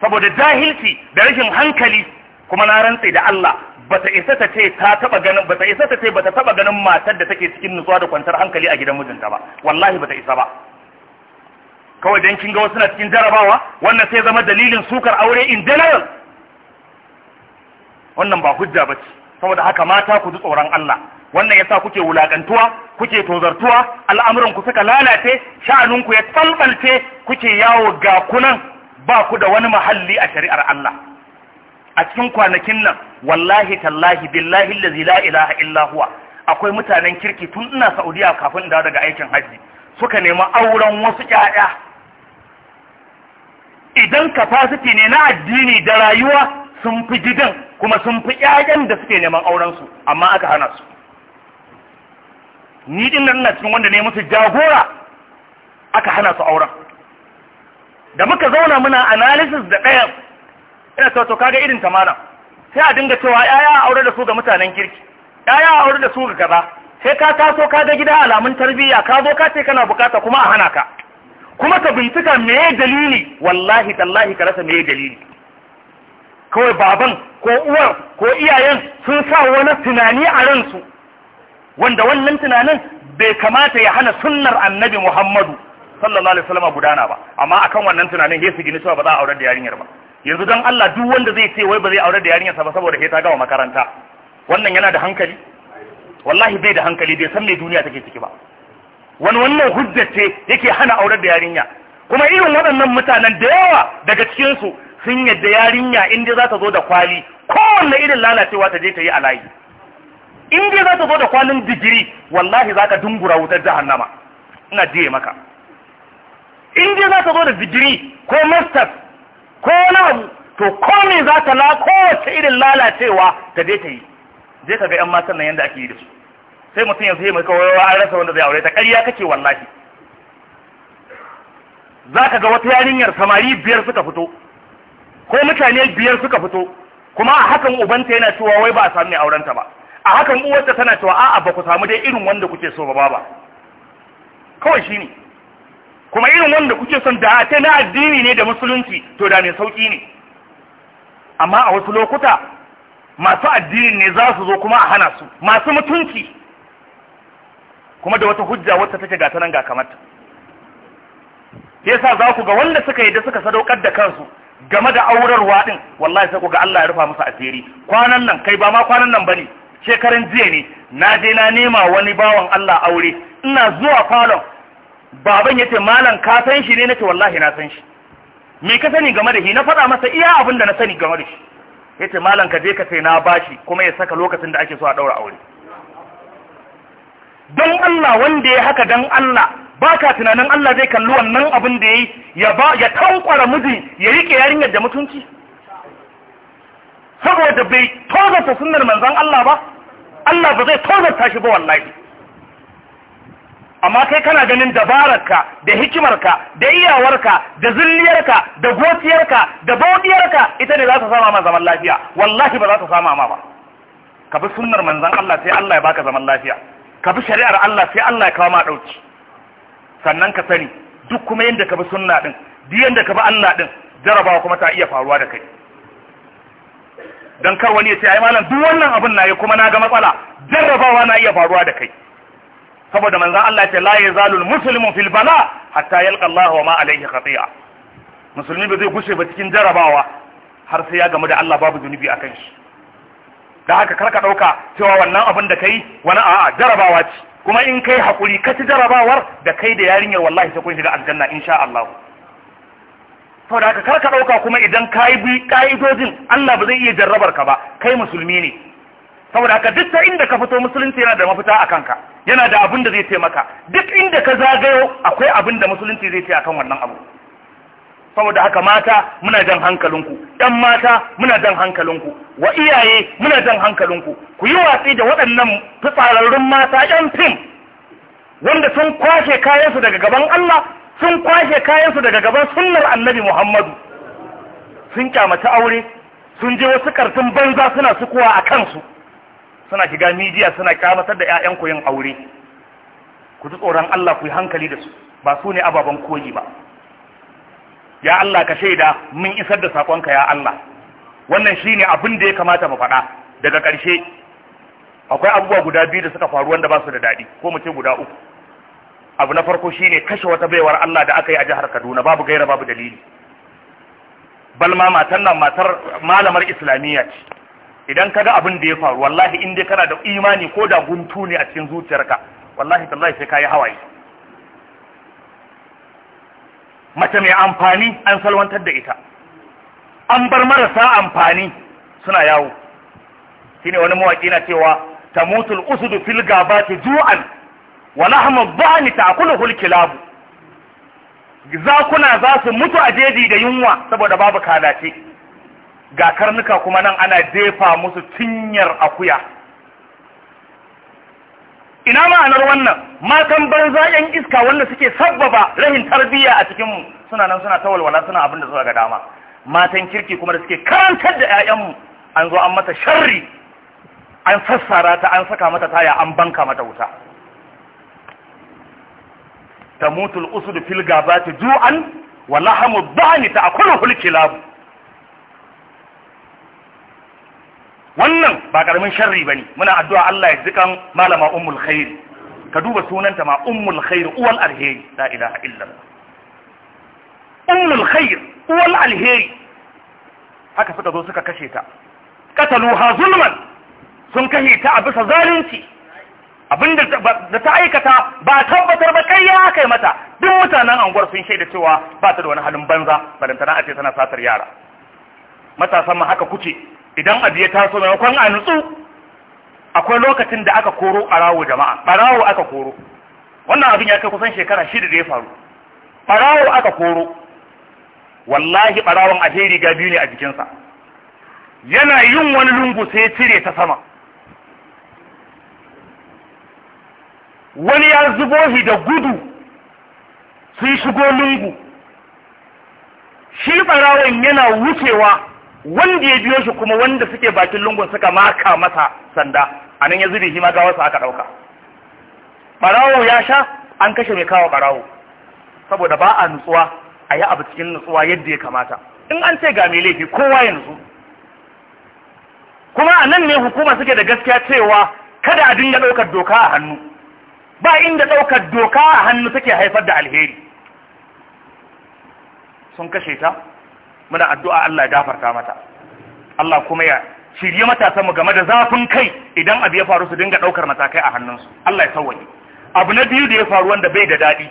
saboda jahilci da rashin hankali kuma na rantse da Allah bata isa ta ce ta taba ganin bata isa ta ce bata taba ganin matar da take cikin nutsuwa da kwantar hankali a gidan mijinta ba wallahi bata isa ba kawai dan kin ga wasu na cikin jarabawa wannan sai zama dalilin sukar aure in general wannan ba hujja bace saboda haka mata ku ji tsoron Allah wannan yasa kuke wulakantuwa kuke tozartuwa al'amuran ku suka lalace sha'anun ku ya tsalbalce? kuke yawo ga kunan ba ku da wani mahalli a shari'ar Allah a cikin kwanakin nan wallahi tallahi billahi allazi la ilaha illa huwa akwai mutanen kirki tun ina Saudiya kafin da daga aikin haji suka nemi auren wasu ƴaƴa idan capacity ne na addini da rayuwa sun fi gidan kuma sun fi ƴaƴan da suke neman auren su amma aka hana su ni din nan ina cikin wanda ne musu jagora aka hana su auren da muka zauna muna analysis da ɗayan ina to kaga irin ta sai a dinga cewa yaya aure da su ga mutanen kirki yaya aure da su ga kaza sai ka taso ka ga gida alamun tarbiyya ka zo ka ce kana bukata kuma a hana ka kuma ka bincika meye dalili wallahi tallahi ka rasa meye dalili kawai baban ko uwar ko iyayen sun sa wani tunani a ransu wanda wannan tunanin bai kamata ya hana sunnar annabi Muhammadu sallallahu alaihi wasallam gudana ba amma akan wannan tunanin he su gini cewa ba za a aurar da yarinyar ba yanzu dan Allah duk wanda zai ce wai ba zai aurar da yarinyar sa ba saboda he ta gama makaranta wannan yana da hankali wallahi bai da hankali bai san me duniya take ciki ba wani wannan hujjar ce yake hana aurar da yarinya kuma irin waɗannan mutanen da yawa daga cikin su sun yadda yarinya in dai za ta zo da kwali kowanne irin lalacewa ta je ta yi a layi in dai za ta zo da kwalin digiri wallahi za ka dungura wutar jahannama ina jiye maka in je za ka zo da digiri ko masters ko wani abu to komai za ta na kowace irin lalacewa ta je ta yi je ka ga yan matan nan yadda ake yi da su sai mutum yanzu yi mai kawai an rasa wanda zai aure ta ƙarya kake wallahi za ka ga wata yarinyar samari biyar suka fito ko mutane biyar suka fito kuma a hakan ubanta yana cewa wai ba a sami aurenta ba a hakan uwarta tana cewa a'a ba ku samu dai irin wanda kuke so ba ba kawai shi ne. kuma irin wanda kuke son da ta na addini ne da musulunci to da mai sauki ne amma a wasu lokuta masu addini ne za su zo kuma a hana su masu mutunci kuma da wata hujja wata take ga nan ga kamata yasa za ku ga wanda suka yi da suka sadaukar da kansu game da aurarwa din wallahi sai ku ga Allah ya rufa musu asiri kwanan nan kai ba ma kwanan nan bane shekaran jiya ne na je na nema wani bawan Allah aure ina zuwa falon baban ya ce malam ka san shi ne nace wallahi na san shi me ka sani game da shi na faɗa masa iya abin da na sani game da shi yace malam ka je ka sai na bashi kuma ya saka lokacin da ake so a daura aure don Allah wanda ya haka don Allah baka tunanin Allah zai kalli wannan abin da yayi ya ba ya tankwara mijin ya rike yarinyar da mutunci saboda bai tozarta sunnar manzon Allah ba Allah ba zai tozarta shi ba wallahi amma kai kana ganin dabararka da hikimarka da iyawarka da zulliyarka da gociyarka da baudiyarka ita ne za ta sama ma zaman lafiya wallahi ba za ta sama ma ba ka bi sunnar manzon Allah sai Allah ya baka zaman lafiya ka bi shari'ar Allah sai Allah ya kawo ma dauki sannan ka sani duk kuma yanda ka bi sunna din duk yanda ka bi Allah din jarabawa kuma ta iya faruwa da kai dan kar wani ya ce ai malam duk wannan abin na yi kuma na ga matsala jarabawa na iya faruwa da kai saboda manzan Allah ce la yazalul muslimu fil bala hatta yalqa Allahu wa ma alayhi khati'a musulmi ba zai gushe ba cikin jarabawa har sai ya gamu da Allah babu zunubi kan shi da haka karka dauka cewa wannan abin da kai wani a'a jarabawa ce kuma in kai hakuri ka ci jarabawar da kai da yarinyar wallahi sai kun shiga aljanna insha Allah saboda haka karka dauka kuma idan kai bi kaidojin Allah ba zai iya jarrabar ka ba kai musulmi ne saboda haka duk inda ka fito musulunci yana da mafita a kanka yana da abin da zai taimaka duk inda ka zagayo akwai abin da musulunci zai ce akan wannan abu saboda haka mata muna jan hankalinku ɗan mata muna jan hankalinku wa iyaye muna jan hankalinku ku yi watsi da waɗannan fitsararrun mata ƴan fim wanda sun kwashe kayansu daga gaban Allah sun kwashe kayansu daga gaban sunnar annabi Muhammadu sun kyamata aure sun je wasu kartun banza suna sukuwa a kansu suna shiga midiya suna kyamatar da 'ya'yanku yin aure ku ji tsoron Allah ku yi hankali da su ba su ne ababen koyi ba ya Allah ka shaida mun isar da saƙonka ya Allah wannan shi ne abin da ya kamata mu faɗa daga ƙarshe akwai abubuwa guda biyu da suka faru wanda ba su da daɗi ko mu ce guda uku abu na farko shi ne kashe wata baiwar Allah da aka yi a jihar Kaduna babu gaira babu dalili balma matar nan matar malamar islamiyya ce idan ka ga abin da ya faru wallahi in dai kana da imani ko da guntu ne a cikin zuciyarka wallahi tallahi sai kayi hawaye mace mai amfani an salwantar da ita an bar marasa amfani suna yawo shine wani mawaki na cewa tamutul usudu fil gabati ju'an wa lahmu dhani ta'kuluhu al kilab zakuna za su mutu a jeji da yunwa saboda babu kalace ga karnuka kuma nan ana jefa musu cinyar akuya ina ma'anar wannan matan banza yan iska wanda suke sabbaba rahin tarbiyya a cikinmu suna nan suna tawalwala suna abin da suka ga dama matan kirki kuma da suke karantar da 'ya'yanmu an zo an mata sharri an sassara ta an saka mata taya an banka mata wuta Ta tamutul usud fil gabati ju'an wa lahamu dhani ta'kuluhu hulki labu wannan ba karamin sharri bane muna addu'a Allah ya zikan malama ummul khair ka duba sunanta ma ummul khair uwal alheri la ilaha illa ummul khair uwal alheri haka suka zo suka kashe ta ha zulman sun kashe ta a bisa zalunci abinda da ta aikata ba tabbatar ba kai ya kai mata duk mutanen anguwar sun shaida cewa ba ta da wani halin banza balantana a ce tana satar yara matasan ma haka kuce idan abu ya taso maimakon a nutsu akwai lokacin da aka koro ɓarawo jama'a ɓarawo aka koro wannan abin ya kai kusan shekara shida da ya faru ɓarawo aka koro wallahi ɓarawon ashe riga biyu ne a jikinsa yana yin wani lungu sai cire ta sama wani ya zubo shi da gudu sun shigo lungu shi ɓarawon yana wucewa wanda ya biyo shi kuma wanda suke bakin lungun suka maka masa sanda a nan ya zube shi ma gawarsa aka ɗauka ɓarawo ya sha an kashe mai kawo ɓarawo saboda ba a nutsuwa a yi abu cikin nutsuwa yadda ya kamata in an ce ga mai laifi kowa ya nutsu kuma a nan ne hukuma suke da gaskiya cewa kada a dinga ɗaukar doka a hannu ba inda ɗaukar doka a hannu suke haifar da alheri sun kashe ta muna addu'a Allah ya gafarta mata Allah kuma ya shirye matasan mu game da zafin kai idan abu ya faru su dinga ɗaukar matakai a hannunsu Allah ya sauwaye abu na biyu da ya faru wanda bai da dadi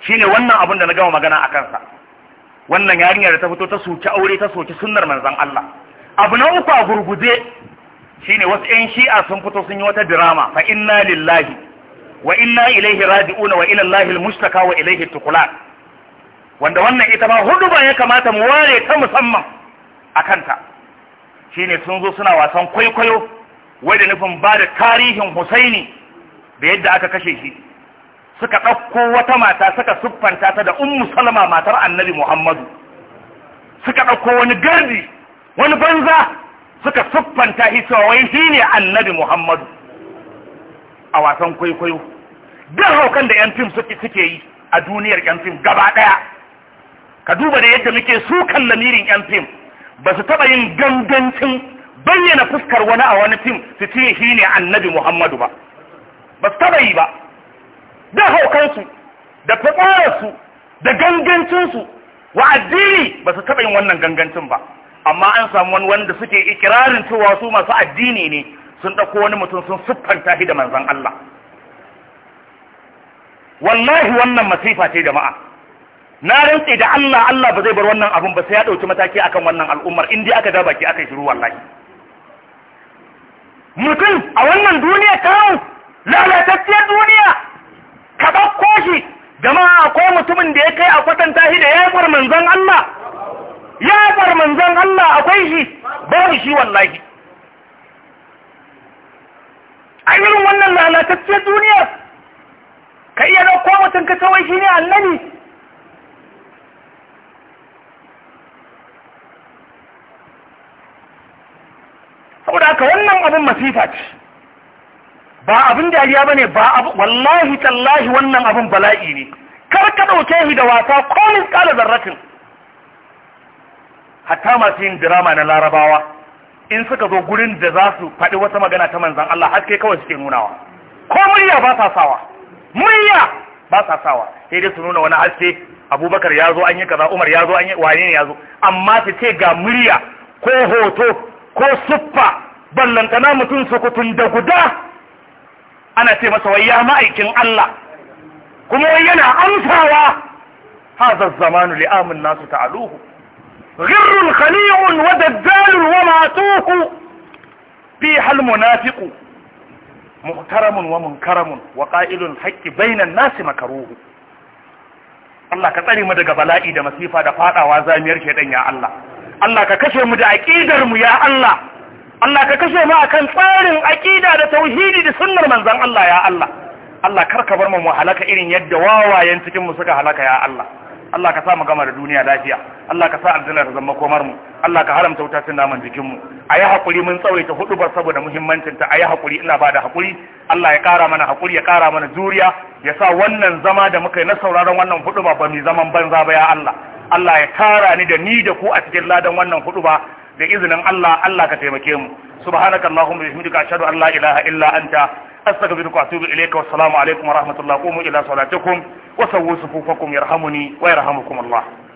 shine wannan abun da na gama magana a kansa wannan yarinyar da ta fito ta soki aure ta soki sunnar manzon Allah abu na uku a gurguje shine wasu ƴan shi'a sun fito sun yi wata dirama. fa inna lillahi wa inna ilaihi raji'una wa ila Allahil mustaka wa ilaihi tuqlan wanda wannan ita ma hudu ba ya kamata mu ware ta musamman a kanta shi ne sun zo suna wasan kwaikwayo wadda nufin ba da tarihin husaini da yadda aka kashe shi suka ɗauko wata mata suka siffanta ta da ummu salama matar annabi muhammadu suka ɗauko wani gardi wani banza suka siffanta shi cewa wai shi ne annabi muhammadu a wasan kwaikwayo duk haukan da yan fim suke yi a duniyar yan fim gaba ɗaya ka duba da yadda muke sukan lamirin yan fim ba su taɓa yin gangancin bayyana fuskar wani a wani fim su ce shi ne annabi muhammadu ba ba su taɓa yi ba da haukansu da fitsararsu da gangancinsu wa addini ba su taɓa yin wannan gangancin ba amma an samu wani wanda suke ikirarin cewa su masu addini ne sun ɗauko wani mutum sun siffanta shi da manzon Allah wallahi wannan masifa ce jama'a na rantse da Allah Allah ba zai bar wannan abun ba sai ya dauki mataki akan wannan al'ummar in dai aka dabaki aka shiru wallahi mutum a wannan duniya hau lalatacciyar duniya ka bakko shi gama akwai mutumin da ya kai a kwatanta shi da yabar manzon Allah yabar manzon Allah akwai shi babu shi wallahi a irin wannan lalatacciyar duniya ka iya dauko mutum ka tawai shi ne annabi saboda ka wannan abin masifa ce ba abin dariya ne ba abu wallahi tallahi wannan abin bala'i ne kar ka ɗauke shi da wasa ko min kala zarratin hatta masu yin drama na larabawa in suka zo gurin da za su faɗi wata magana ta manzan Allah haske kawai suke nunawa ko murya ba sa sawa murya ba sa sawa sai dai su nuna wani haske abubakar ya zo an yi kaza umar ya zo an yi wane ne ya zo amma su ce ga murya ko hoto ko suffa ballantana mutum sukutun da guda ana ce masa wayya ma'aikin Allah kuma yana amsawa hadha zamanu li'amun nasu ta'aluhu غر خليع ودجال ومعتوه فيها المنافق wa ومنكرم وقائل الحق بين الناس مكروه Allah ka tsare mu daga bala'i da masifa da fadawa zamiyar shedan ya Allah Allah ka kashe mu da aƙidar mu ya Allah Allah ka kashe mu akan tsarin aƙida da tauhidi da sunnar manzon Allah ya Allah Allah kar ka bar mu mu halaka irin yadda wawayen cikin mu suka halaka ya Allah Allah ka sa mu gama da duniya lafiya Allah ka sa aljanna ta zama komar mu Allah ka haramta wuta cin naman jikin mu ayi hakuri mun tsawaita hudu bar saboda muhimmancin ta ayi hakuri ina ba da hakuri Allah ya kara mana hakuri ya kara mana zuriya ya sa wannan zama da muka yi na sauraron wannan hudu ba mu zaman banza ba ya Allah Allah ya tara ni da ni da ku a cikin ladan wannan hudu ba da izinin Allah Allah ka taimake mu subhanaka allahumma wa bihamdika ashhadu an la ilaha illa anta astaghfiruka wa atubu ilayka assalamu alaikum wa rahmatullahi wa barakatuh ila salatikum wa sawwu sufufakum yarhamuni wa yarhamukum Allah